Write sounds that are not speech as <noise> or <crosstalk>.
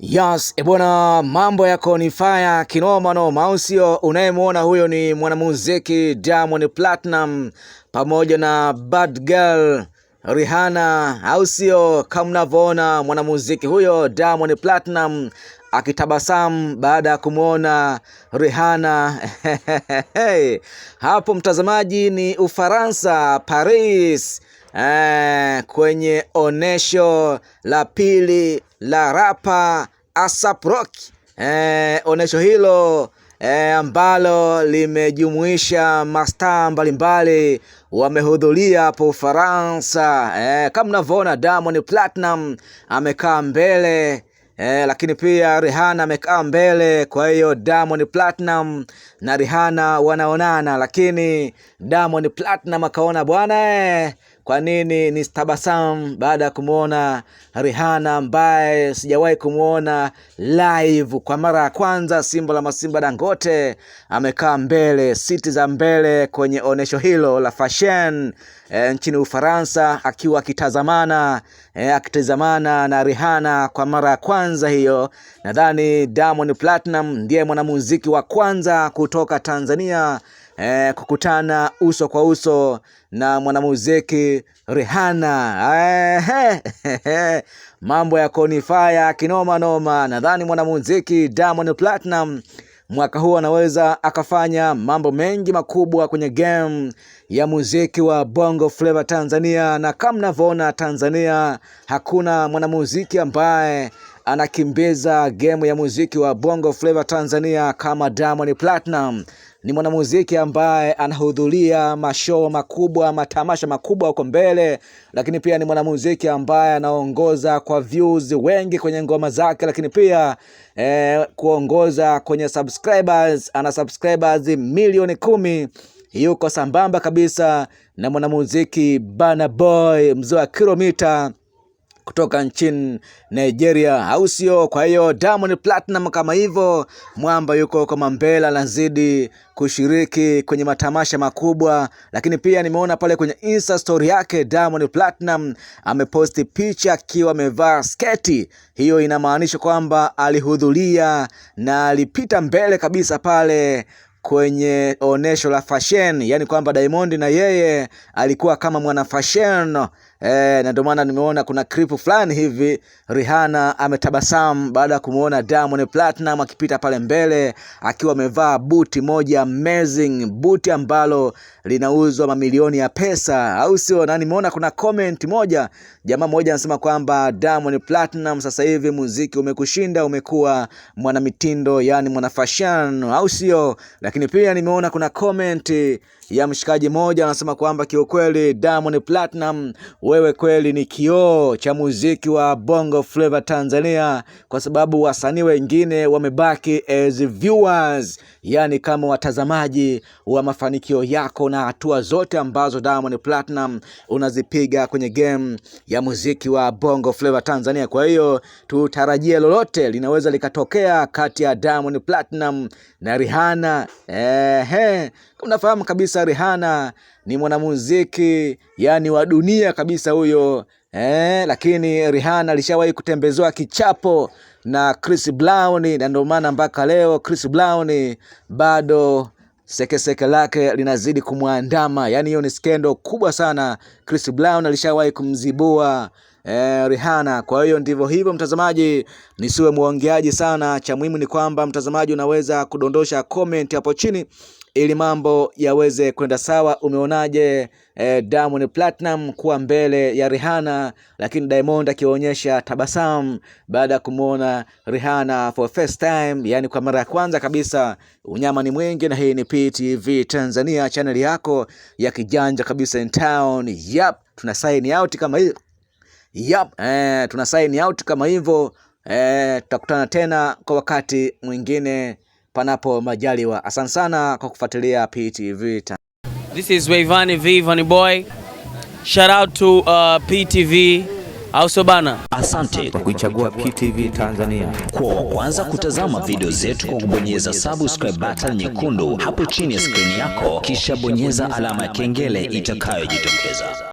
Yes, ebwana, mambo yako ni kinoma noma, au sio? Unayemwona huyo ni mwanamuziki Diamond Platinum pamoja na bad girl Rihanna, au sio? Kama mnavyoona mwanamuziki huyo Diamond Platinum akitabasamu baada ya kumwona Rihanna. <laughs> Hapo mtazamaji, ni Ufaransa, Paris. Eh, kwenye onesho la pili la rapa ASAP Rock. Eh, onesho hilo eh, ambalo limejumuisha mastaa mbalimbali wamehudhuria hapo Ufaransa. Eh, kama mnavyoona Diamond Platinum amekaa mbele eh, lakini pia Rihanna amekaa mbele. Kwa hiyo Diamond Platinum na Rihanna wanaonana, lakini Diamond Platinum akaona bwana eh, kwa nini ni stabasam baada ya kumwona Rihana ambaye sijawahi kumwona live kwa mara ya kwanza. Simba la Masimba Dangote amekaa mbele, siti za mbele kwenye onyesho hilo la fashion e, nchini Ufaransa, akiwa akitazamana e, akitazamana na Rihana kwa mara ya kwanza hiyo. Nadhani Diamond Platinum ndiye mwanamuziki wa kwanza kutoka Tanzania eh, kukutana uso kwa uso na mwanamuziki Rihanna eh, mambo ya konifaya kinoma noma. Nadhani mwanamuziki Diamond Platinum mwaka huu anaweza akafanya mambo mengi makubwa kwenye game ya muziki wa Bongo Flava Tanzania, na kama mnavyoona Tanzania hakuna mwanamuziki ambaye anakimbiza game ya muziki wa Bongo Flava Tanzania kama Diamond Platinum ni mwanamuziki ambaye anahudhuria mashoo makubwa, matamasha makubwa huko mbele, lakini pia ni mwanamuziki ambaye anaongoza kwa views wengi kwenye ngoma zake, lakini pia eh, kuongoza kwenye subscribers, ana subscribers milioni kumi yuko sambamba kabisa na mwanamuziki Burna Boy mzee wa kilomita kutoka nchini Nigeria, au sio? Kwa hiyo Diamond Platinum kama hivyo mwamba yuko kama mbele, lazidi kushiriki kwenye matamasha makubwa, lakini pia nimeona pale kwenye Insta story yake Diamond Platinum ameposti picha akiwa amevaa sketi. Hiyo inamaanisha kwamba alihudhuria na alipita mbele kabisa pale kwenye onesho la fashion, yani kwamba Diamond na yeye alikuwa kama mwana fashion e, na ndio maana nimeona kuna clip fulani hivi Rihanna ametabasamu baada ya kumuona Diamond Platinum akipita pale mbele akiwa amevaa buti moja amazing, buti ambalo linauzwa mamilioni ya pesa, au sio? Na nimeona kuna comment moja, jamaa mmoja anasema kwamba Diamond Platinum, sasa hivi muziki umekushinda, umekuwa mwanamitindo, yani mwanafashion, au sio? Lakini pia nimeona kuna comment ya mshikaji mmoja anasema kwamba kiukweli Diamond Platinum wewe kweli ni kioo cha muziki wa Bongo Flava Tanzania, kwa sababu wasanii wengine wamebaki as viewers, yani kama watazamaji wa mafanikio yako na hatua zote ambazo Diamond Platinum unazipiga kwenye game ya muziki wa Bongo Flava Tanzania. Kwa hiyo tutarajie lolote linaweza likatokea kati ya Diamond Platinum na Rihanna. Ehe, Unafahamu kabisa Rihanna ni mwanamuziki yani wa dunia kabisa huyo eh, lakini Rihanna alishawahi kutembezewa kichapo na Chris Brown, na ndio maana mpaka leo Chris Brown bado sekeseke seke lake linazidi kumwandama. Yani hiyo ni skendo kubwa sana. Chris Brown alishawahi kumzibua eh, Rihanna. Kwa hiyo ndivyo hivyo, mtazamaji, nisiwe muongeaji sana. Cha muhimu ni kwamba mtazamaji unaweza kudondosha comment hapo chini ili mambo yaweze kwenda sawa. Umeonaje eh, Diamond Platinum kuwa mbele ya Rihanna, lakini Diamond akionyesha tabasamu baada ya kumwona Rihanna for first time, yani kwa mara ya kwanza kabisa. Unyama ni mwingi, na hii ni PTV Tanzania, channel yako ya kijanja kabisa in town. Yap, tuna sign out kama hii. Yep, eh, tuna sign out kama hivyo eh, tutakutana tena kwa wakati mwingine panapo majaliwa. Asante sana kwa kufuatilia PTV. This is Wayvani V Vani Boy. Shout out to uh, PTV auso bana. Asante kwa kuichagua PTV Tanzania. Kwa wa kwanza kutazama video zetu kwa kubonyeza subscribe button nyekundu hapo chini ya skrini yako, kisha bonyeza alama ya kengele itakayojitokeza.